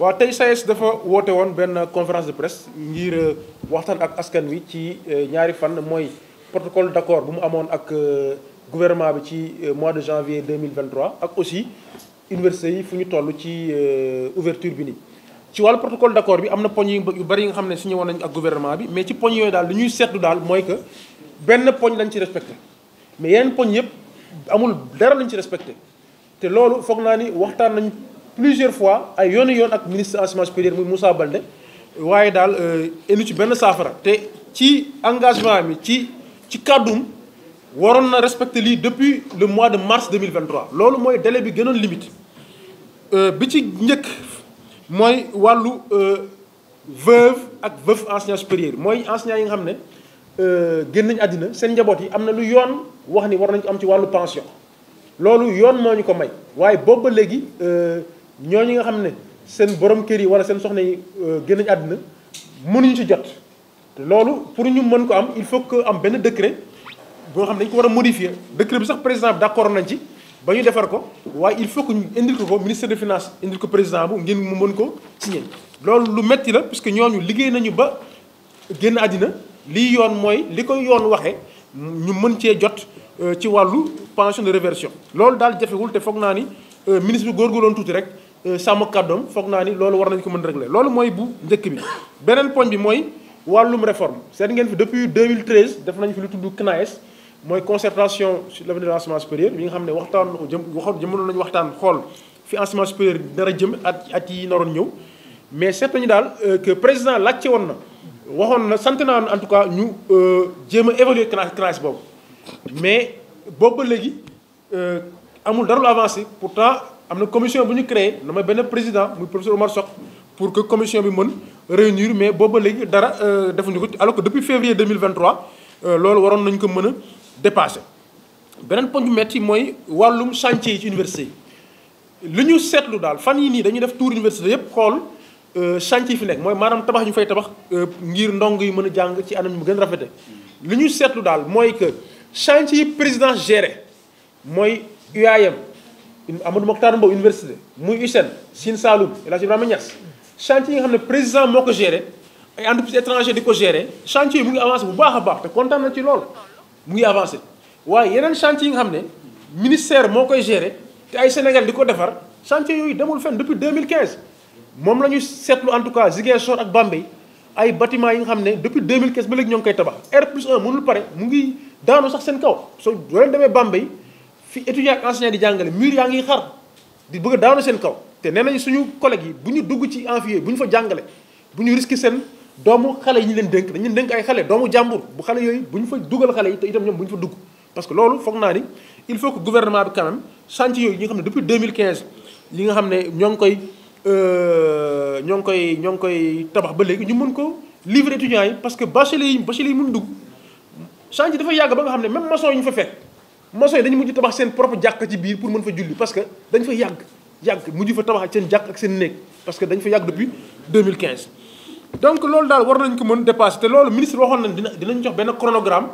waaw tey SAES e dafa woote woon benn conférence de presse ngir euh, waxtaan ak askan wi ci euh, ñaari fan mooy protocole d'accord bu mu amoon ak euh, gouvernement bi ci mois de janvier 2023 ak aussi université yi fu ñu toll ci ouverture bi nii. ci wàllu protocole d'accord bi am na poñ yu bari yi nga xam ne signé woon nañu ak gouvernement bi mais ci poñ yooyu daal lu ñuy seetlu daal mooy que benn poñ lañ ci respecte mais yenn poñ yëpp. amul dara luñ ci respecté te loolu foog naa ni waxtaan nañ plusieurs fois ay yooni yoon ak ministre enseignement supérieur muy Moussa Baldé waaye daal enu euh, ci benn saafara te ci engagement mi ci ci kàddum waroon na respecté lii depuis le mois de mars 2023 loolu mooy délai bi gënoon limite euh, bi ci njëkk mooy wàllu euh, veuve ak veuve enseignant supérieur mooy enseignant yi nga xam ne Euh, génn nañ àddina seen njaboot yi am na lu yoon wax ni war nañ ko am ci wàllu pension loolu yoon moo ñu ko may waaye booba léegi ñoo euh, ñooñu nga xam ne seen borom kër yi wala seen soxna yi euh, génn nañ àddina mënuñu ci jot loolu pour ñu mën ko am il faut que am benn décret boo xam ne dañ ko war a modifier décret bi sax président bi d'accord nañ ci ba ñu defar ko waaye il faut que ñu indil ko ko ministre de finance indil ko président bu ngeen mu mën ko loolu lu metti la puisque ñooñu liggéey nañu ba génn àddina lii yoon mooy li ko yoon waxee ñu mën cee jot euh, ci wàllu pension de réversion loolu daal jafewul te foog naa ni euh, ministre bi góorgóorloon tuuti rek euh, sàmm kàddoom foog naa ni loolu war nañ ko mën régler loolu mooy bu njëkk bi beneen poñ bi mooy wàllum réforme seet ngeen fi depuis 2013 def nañ fi lu tudd CNAES mooy concertation sur l'avenir de l'enseignement supérieur bi nga xam ne waxtaan jëm waxoon jëmaloon nañu waxtaan xool fi enseignement supérieur dara jëm at at yi naroon ñëw mais seet nañu daal président laajte woon na waxoon na sant naa en tout cas ñu euh, jéem a évaluer CNAAS boobu mais boobu ba léegi euh, amul dara lu pour pourtant am na commission bu ñu créé na ma benn président muy professeur Omar Sock pour que commission bi mën réunir mais boobu ba léegi dara euh, defuñu ko alors que depuis février 2023 loolu waroon nañ ko mën a dépasser. beneen poñ bu métti mooy wàllum chantier yi ci université li ñu seetlu daal fan yi nii dañuy def tour université yëpp xool. Euh, chantier fi nekk mooy maanaam tabax ñu fay tabax euh, ngir ndong yi mën a jàng ci anam mu gën rafete li ñu seetlu daal mooy que chantier yi président géré mooy UAM Amadou Mokhtar Mbow université muy USEN Sine Saloum El Hadj Ibrahima Niass chantier yi nga xam ne président moo ko géré ay entreprise étranger di ko géré chantier yi mu ngi avancé bu baax a baax te kontaan na ci lool mu ngi avancer waaye yeneen chantier yi nga xam ne ministère moo koy géré te ay Sénégal di ko defar chantier yooyu demul fenn depuis 2015 moom la ñu seetlu en tout cas Ziguinchor ak Bambey ay bâtiment yi nga xam ne depuis 2015 ba léegi ñoo ngi koy tabax R plus 1 mënul pare mu ngi daanu sax seen kaw soo doo leen demee Bambey fi étudiant ak enseignant di jàngale mur yaa ngi xar di bëgg a daanu seen kaw te nee nañu suñu collègues yi bu ñu dugg ci enfier bu ñu fa jàngale bu ñu risque seen doomu xale yi ñu leen dénk dañu leen dénk ay xale doomu jàmbur bu xale yooyu bu ñu fa dugal xale yi te itam ñoom bu ñu fa dugg parce que loolu foog naa ni il faut que gouvernement bi quand même chantier yooyu ñi nga xam ne depuis 2015 li nga xam ne ñoo ngi koy Euh, ñoo ngi koy ñoo ngi koy tabax ba léegi ñu mën ko livrer étudiants yi parce que bachelier yi bachelier yi mun dugg change dafa yàgg ba nga xam ne même maçon yi ñu fa fekk maçon yi dañu mujj tabax seen propre jàkk ci biir pour mën fa julli parce que dañ fa yàgg yàgg mujj fa tabax ak seen jàkk ak seen néeg parce que dañ fa yàgg depuis 2015. donc loolu daal war nañ ko mën dépasser te loolu ministre waxoon nañ dina dinañ jox benn chronogramme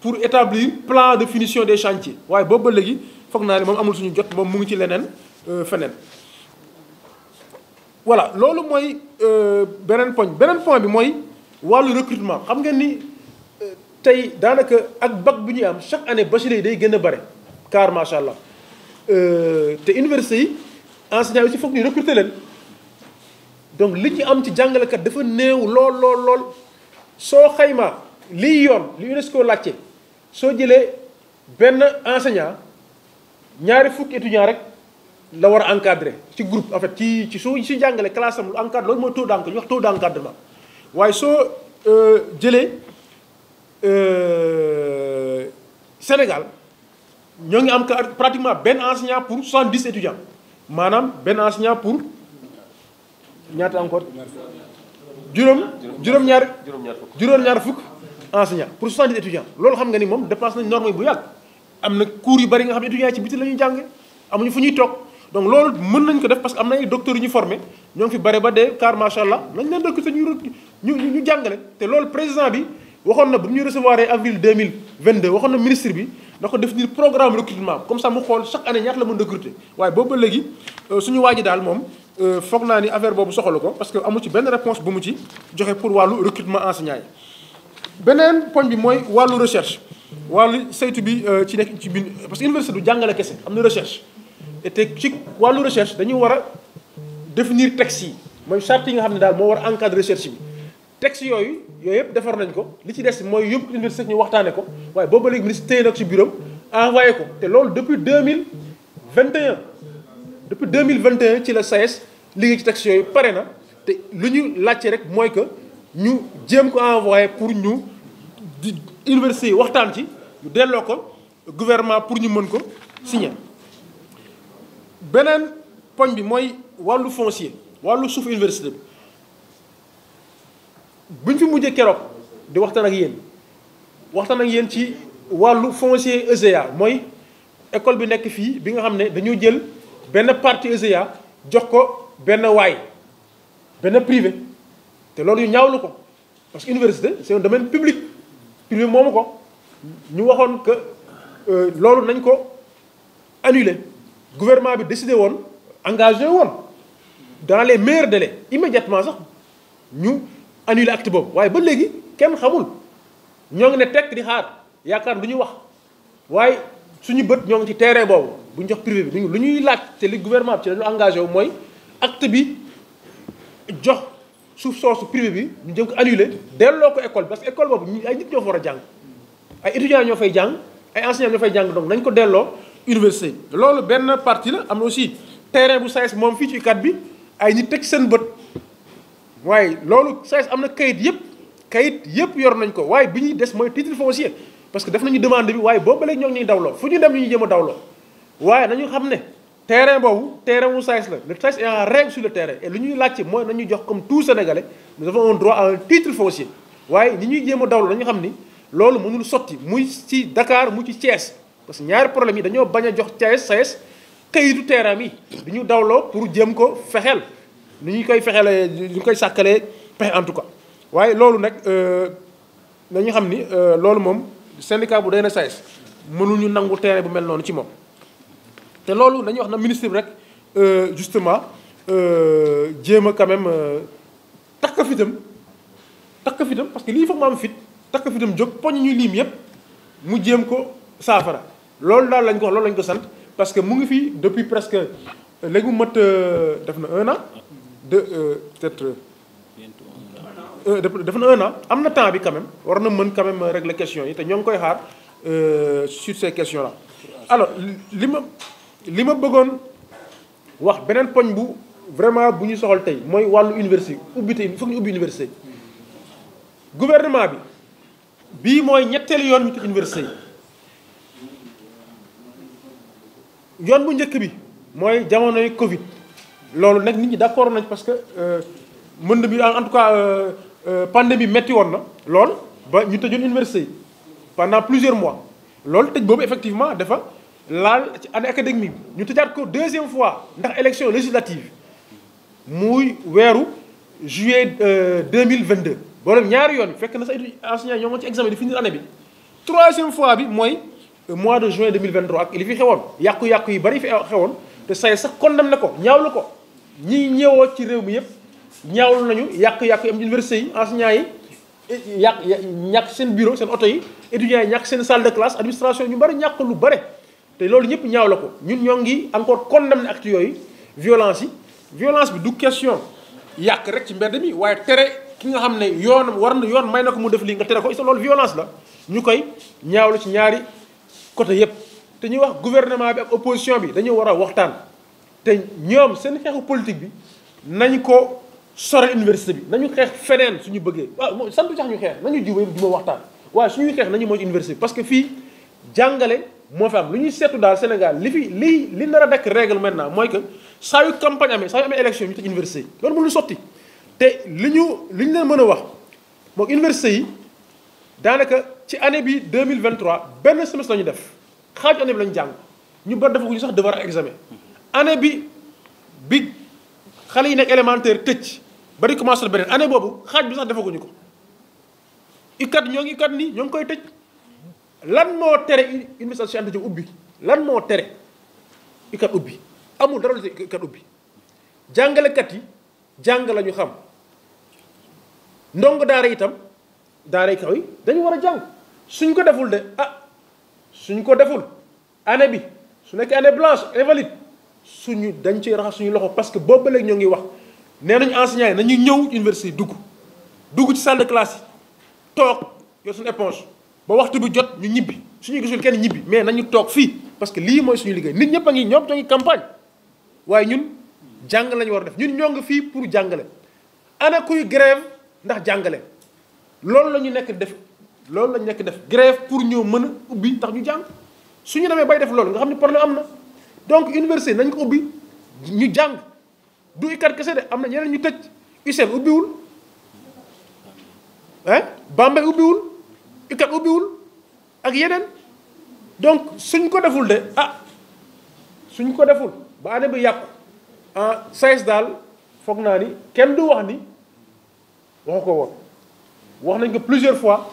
pour établir plan de finition des chantiers waaye boobu ba léegi foog naa ne moom amul suñu jot moom mu ngi ci leneen euh, feneen. voilà loolu mooy euh, beneen poñ beneen point bi mooy wàllu recrutement xam nga ni euh, tey daanaka ak bac bu ñuy am chaque année bachelier yi day gën a bare car macha allah euh, te université yi enseignants yi si foog ñu recruter leen donc li ñu am ci jàngalekat dafa néew lool lool lool soo xaymaa liy yoon li UNESCO laajte soo jëlee benn enseignant ñaari fukki étudiant rek. la war a encadrer ci groupe en fait ci ci soo si jàngale classe am lu encadre loolu mooy taux d' encadre ñu wax taux d' waaye soo euh, jëlee euh, Sénégal ñoo ngi am pratiquement benn enseignant pour soixante dix étudiants maanaam benn enseignant pour ñaata encore juróom juróom-ñaar juróom-ñaar fukk enseignant pour soixante dix étudiants loolu xam nga ni moom dépense nañ norme bu yàgg am na cours yu bari nga xam ne étudiants ci biti la ñuy jàng amuñu fu ñuy toog donc loolu mën nañ ko def parce que am na ay docteurs yu ñu formé ñoo ngi fi bare ba dee car macha allah nañ leen recruter ñu ñu ñu jàngale te loolu président bi waxoon na bu ñu recevoir avril 2022 waxoon na ministre bi na ko def ni programme recrutement comme ça mu xool chaque année ñaata la mën recruter waaye boobu léegi euh, suñu waa ji daal moom euh, foog naa ni affaire boobu soxla ko parce que amu ci benn réponse bu mu ci joxe pour wàllu recrutement beneen poñ bi mooy wàllu recherche wàllu saytu bi euh, ci nekk ci biir parce que université du jàngale kese am na recherche te ci wàllu recherche dañu war a définir texte yi mooy charte yi nga xam ne daal moo war a encadrer recherche bi texte yooyu yooyu yëpp defar nañ ko li ci des mooy yóbbu université ñu waxtaane ko waaye booba léegi ministre téye nag ci bureau envoyé ko te loolu depuis deux mille vingt et un depuis deux mille vingt et un ci la SAES liggéey ci texte yooyu pare na te lu ñu laajte rek mooy que ñu jéem ko envoyé pour ñu di université waxtaan ci ñu delloo ko gouvernement pour ñu mën ko signer beneen poñ bi mooy wàllu foncier wàllu suuf université bi buñ fi mujjee keroog di waxtaan ak yéen waxtaan ak yéen ci wàllu foncier ESEA mooy école bi nekk fii bi nga xam ne dañoo jël benn partie ESEA jox ko benn waay benn privé te loolu yu ñaawlu ko parce que université c'est un domaine public privé moomu ko ñu waxoon que euh, loolu nañ ko annuler gouvernement bi décidé woon engagé woon dans les meilleurs délais immédiatement sax ñu annulé acte boobu waaye ba léegi kenn xamul ñoo ngi ne tekk di xaar yaakaar lu wax waaye suñu bët ñoo ngi ci terrain boobu bu ñu jox privé bi lu ñuy laaj te li gouvernement bi ci lañu engagé wu mooy acte bi jox suuf soosu privé bi ñu jëm ko annulé delloo ko école parce que école boobu ñu ay nit ñoo fa war a jàng ay étudiants ñoo fay jàng ay enseignants ñoo fay jàng ko delloo université loolu benn partie la am na aussi terrain bu SAES moom fii ci kat bi ay nit teg seen bët waaye loolu SAES am na kayit yëpp kayit yëpp yor nañ ko waaye bi ñuy des mooy titre foncier parce que def nañu demande bi waaye boobu léegi ñoo ngi daw dawloo fu ñu dem ñu jëm a dawloo waaye ñu xam ne terrain boobu terrain wu SAES la le SAES est en règle sur le terrain lu ñuy laajte mooy nañu jox comme tout sénégalais nous avons un droit à un titre ñuy jéem a dawloo nañu xam ni loolu mënul sotti muy ci Dakar mu ci Thiès. parce que ñaari problème yi dañoo bañ a jox CAES SAES kayitu terrain yi du ñu dawloo pour jéem ko fexeel nu ñu koy fexeelee ñu koy sàkkalee pexe en tout cas waaye loolu nag dañu euh, xam ni euh, loolu moom syndicat bu dee SAES ñu nangu terrain bu mel noonu ci moom te loolu dañuy wax na ministre bi rek euh, justement jéem a quand même takk fitam takk fitam parce que lii foog ma am fit takk fitam jóg poñ ñuy liim yépp mu jéem ko saafara loolu daal lañ ko wax loolu lañ ko sant parce que mu ngi fii depuis presque euh, léegi mu mat euh, def na un an de euh, peut-être def na un an am na temps bi quand war na mën quand même régler question yi te ñoo ngi koy xaar sur ces questions là li ma li ma bëggoon wax beneen poñ bu vraiment bu ñu soxal tey mooy wàllu université ubbi tey foog ñu ubbi université gouvernement bi bii mooy ñetteel yoon ñu tëj université yi yoon bu njëkk bi mooy jamonoy Covid loolu nag nit ñi d'accord nañ parce que euh, mën bi en tout cas euh, euh, pandémie metti woon na lool ba ñu tëjoon université yi pendant plusieurs mois loolu tëj boobu effectivement defa laal ci année académique bi ñu tëjaat ko deuxième fois ndax élection législative muy weeru juillet deux mille vingt deux. boolem ñaari yoon fekk na sa enseignant ñoo ngi ci examen di finir année bi troisième fois bi mooy. mois de juin 2023 ak li fi xewoon yàqu-yàqu yi bari fi xewoon te say sax condamné ko ñaawlu ko ñi ñëwoo ci réew mi yëpp ñaawlu nañu yàqu-yàqu yi am université yi enseignants yi yàq ñàkk seen bureau seen oto yi étudiants yi ñàkk seen salle de classe administration ñu bari ñàkk lu bare te loolu ñëpp ñaaw la ko ñun ñoo ngi encore condamné acte yooyu violence yi violence bi du question yàq rek ci mbedd mi waaye tere ki nga xam ne yoon war na yoon may na ko mu def lii nga tere ko loolu violence la ñu koy la ci ñaari côté yépp te ñuy wax gouvernement bi ak opposition bi dañu war a waxtaan te ñoom seen xeexu politique bi nañ ko sore université bi nañu xeex feneen suñu bëggee waaw santu sax ñu xeex nañu jiw du ma waxtaan waaye suñu xeex nañu mooy université bi parce que fii jàngale moo fi am lu ñuy seetu daal Sénégal li fi li li nar a dekk règle maintenant mooy que saa yu campagne amee saa yu amee élection ñu tëj université yi loolu mënul sotti te li ñu li ñu leen mën a wax moom université yi ci année bi mille 2023 benn semestre la ñu def xaaju année bi la ñu jàng ñu bari defaguñu sax devoir ak examen année bi bi xale yi nekk élémentaire tëj bari di commencé beneen année boobu xaaj bi sax defaguñu ko ikat ñoo ngi ikat nii ñoo ngi koy tëj lan moo tere université Cheikh Anta Diop ubbi lan moo tere ikat ubbi amul dara lu ci ikat ubbi jàngalekat yi jàng la ñu xam ndongo daara itam daara kaw yi dañu war a jàng suñ ko deful de ah suñ ko deful année bi su nekkee année blanche invalide suñu dañ ciy raxas suñu loxo parce que boobu ba léegi ñoo ngi wax nee nañu enseignants yi nañuy ñëw université dugg dugg ci salle de classe yi toog yor suñu éponge ba waxtu bi jot ñu ñibbi suñu gisul kenn ñibbi mais nañu toog fii parce que lii mooy suñu liggéey nit ñëpp a ngi ñoom ñoo campagne waaye ñun jàng lañu war a def ñun ñoo fii pour jàngale ana kuy grève ndax jàngale loolu la ñu nekk def loolu lañ nekk def grève pour ñoo mën a ubbi tax ñu jàng suñu demee bay def loolu nga xam ne na am na donc université nañ ko ubbi ñu jàng du ikat kese de am na ñeneen ñu tëj UCED ubbiwul ah Bambey ubbiwul ikat ubbiwul ak yeneen donc suñ ko deful de ah suñ ko deful ba année bi yàqu ah SAES daal foog naa ni kenn du wax ni waxu ko woon wax nañ ko plusieurs fois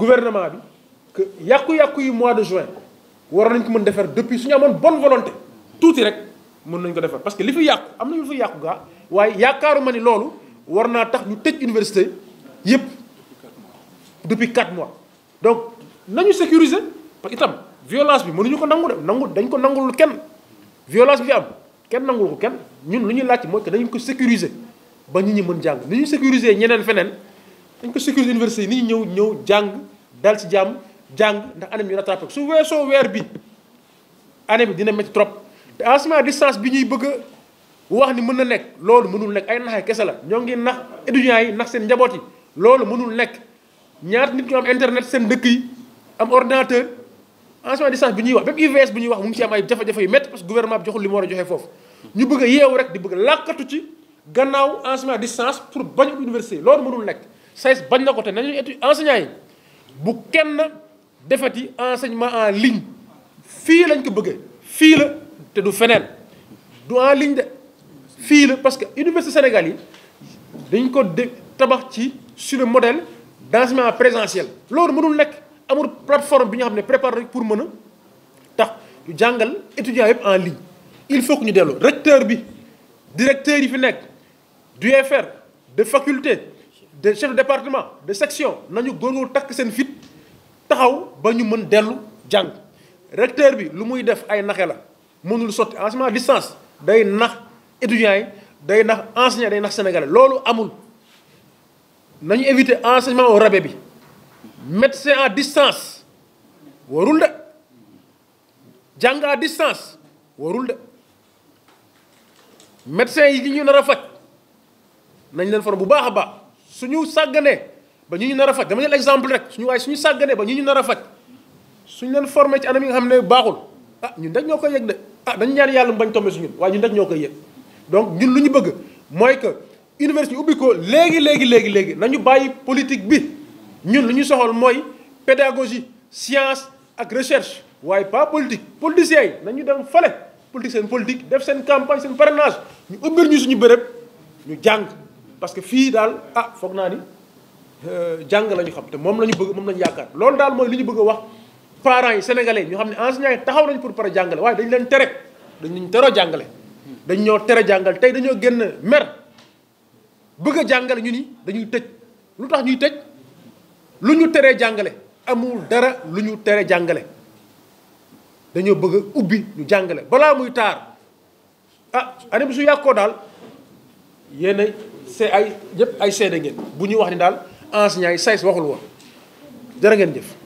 gouvernement bi que yàqu-yàqu yi mois de juin waroon nañ ko mën defar depuis su ñu amoon bonne volonté tuuti rek mën nañ ko defar parce que li fi yàqu am nañu ñu fi yàqu gaa waaye yaakaaru ma ni loolu war naa tax ñu tëj université yëpp depuis 4 mois. donc nañu sécuriser parce que itam violence bi mënuñu ko nangu de nangu dañ ko nangulul kenn violence bi fi am kenn nangul ko kenn ñun lu ñuy laajte mooy que dañu ko sécuriser ba nit ñi mën jàng ni ñu sécuriser ñeneen feneen dañ ko sécuriser université yi ñëw jàng. dal ci jàmm jàng ndax année bi ñu rattrapé su soo weer bi année bi dina métti trop te enseignement distance bi ñuy bëgg wax ni mën na nekk loolu mënul nekk ay naxee kese la ñoo ngi nax étudiants yi nax seen njaboot yi loolu mënul nekk ñaata nit ñu am internet seen dëkk yi am ordinateur enseignement distance bi ñuy wax même UVS bi ñuy wax mu ngi ci am ay jafe-jafe yu métti parce que bi joxul li war a joxe foofu ñu bëgg a yeewu rek di bëgg làkkatu ci gannaaw enseignement distance pour bañ université loolu mënul nekk SAES bañ na ko te nañu étu enseignants bu kenn defati enseignement en ligne fii lañ ko bëggee fii la te du feneen du en ligne de fii la parce que université Sénégal yi dañ ko dé tabax ci sur le modèle présentiel. loolu mënul nekk amul plateforme bi ñu xam ne préparé pour mën a tax ñu jàngal étudiants yëpp en ligne il faut que ñu dellu recteur bi directeur yi fi nekk d'UFR de faculté. de chef de département de section nañu góorgóorlu takk seen fit taxaw ba ñu mën dellu jàng recteur bi lu muy def ay naxe la mënul sotti enseignement à distance day nax étudiants yi day nax enseignant day nax sénégalais loolu amul nañu éviter enseignement au rabais bi médecin à distance warul de jàng à distance warul de médecin yi ñu nar a faj nañ leen for bu baax a baax suñu sàgganee ba ñu ñu nar a faj dama jël exemple rek suñu waaye suñu sàgganee ba ñu ñu nara a faj suñu leen formé ci anam yi nga xam ne baaxul ah ñu dañ ñoo koy yëg de ah ñaan yàlla mu bañ tombé ñu waaye ñu dañ ñoo koy yëg donc ñun lu ñu bëgg mooy que université ubbi ko léegi léegi léegi léegi nañu bàyyi politique bi ñun lu ñu soxal mooy pédagogie science ak recherche waaye pas politique politiciens yi nañu dem fale politique seen politique def seen campagne seen parrainage ñu ubbil ñu suñu béréb ñu jàng parce que fii daal ah foog naa ni euh, jàng la ñu xam te moom la ñu bëgg moom la ñu yaakaar loolu daal mooy li ñu bëgg wax parents yi sénégalais ñu xam ne enseignants yi taxaw nañ pour pare jàngale waaye dañ leen tere dañ leen teroo jàngale dañ ñoo tere jàngal tey dañoo génn mer bëgg a jàngale ñu ni dañuy tëj lu tax ñuy tëj lu ñu teree jàngale amul dara lu ñu tere jàngale dañoo bëgg ubbi ñu jàngale balaa muy taar ah année bi su yàqoo daal yéen c'est ay ñëpp ay seede ngeen bu ñuy wax ni daal enseignants yi SAES waxul woon jërë ngeen jëf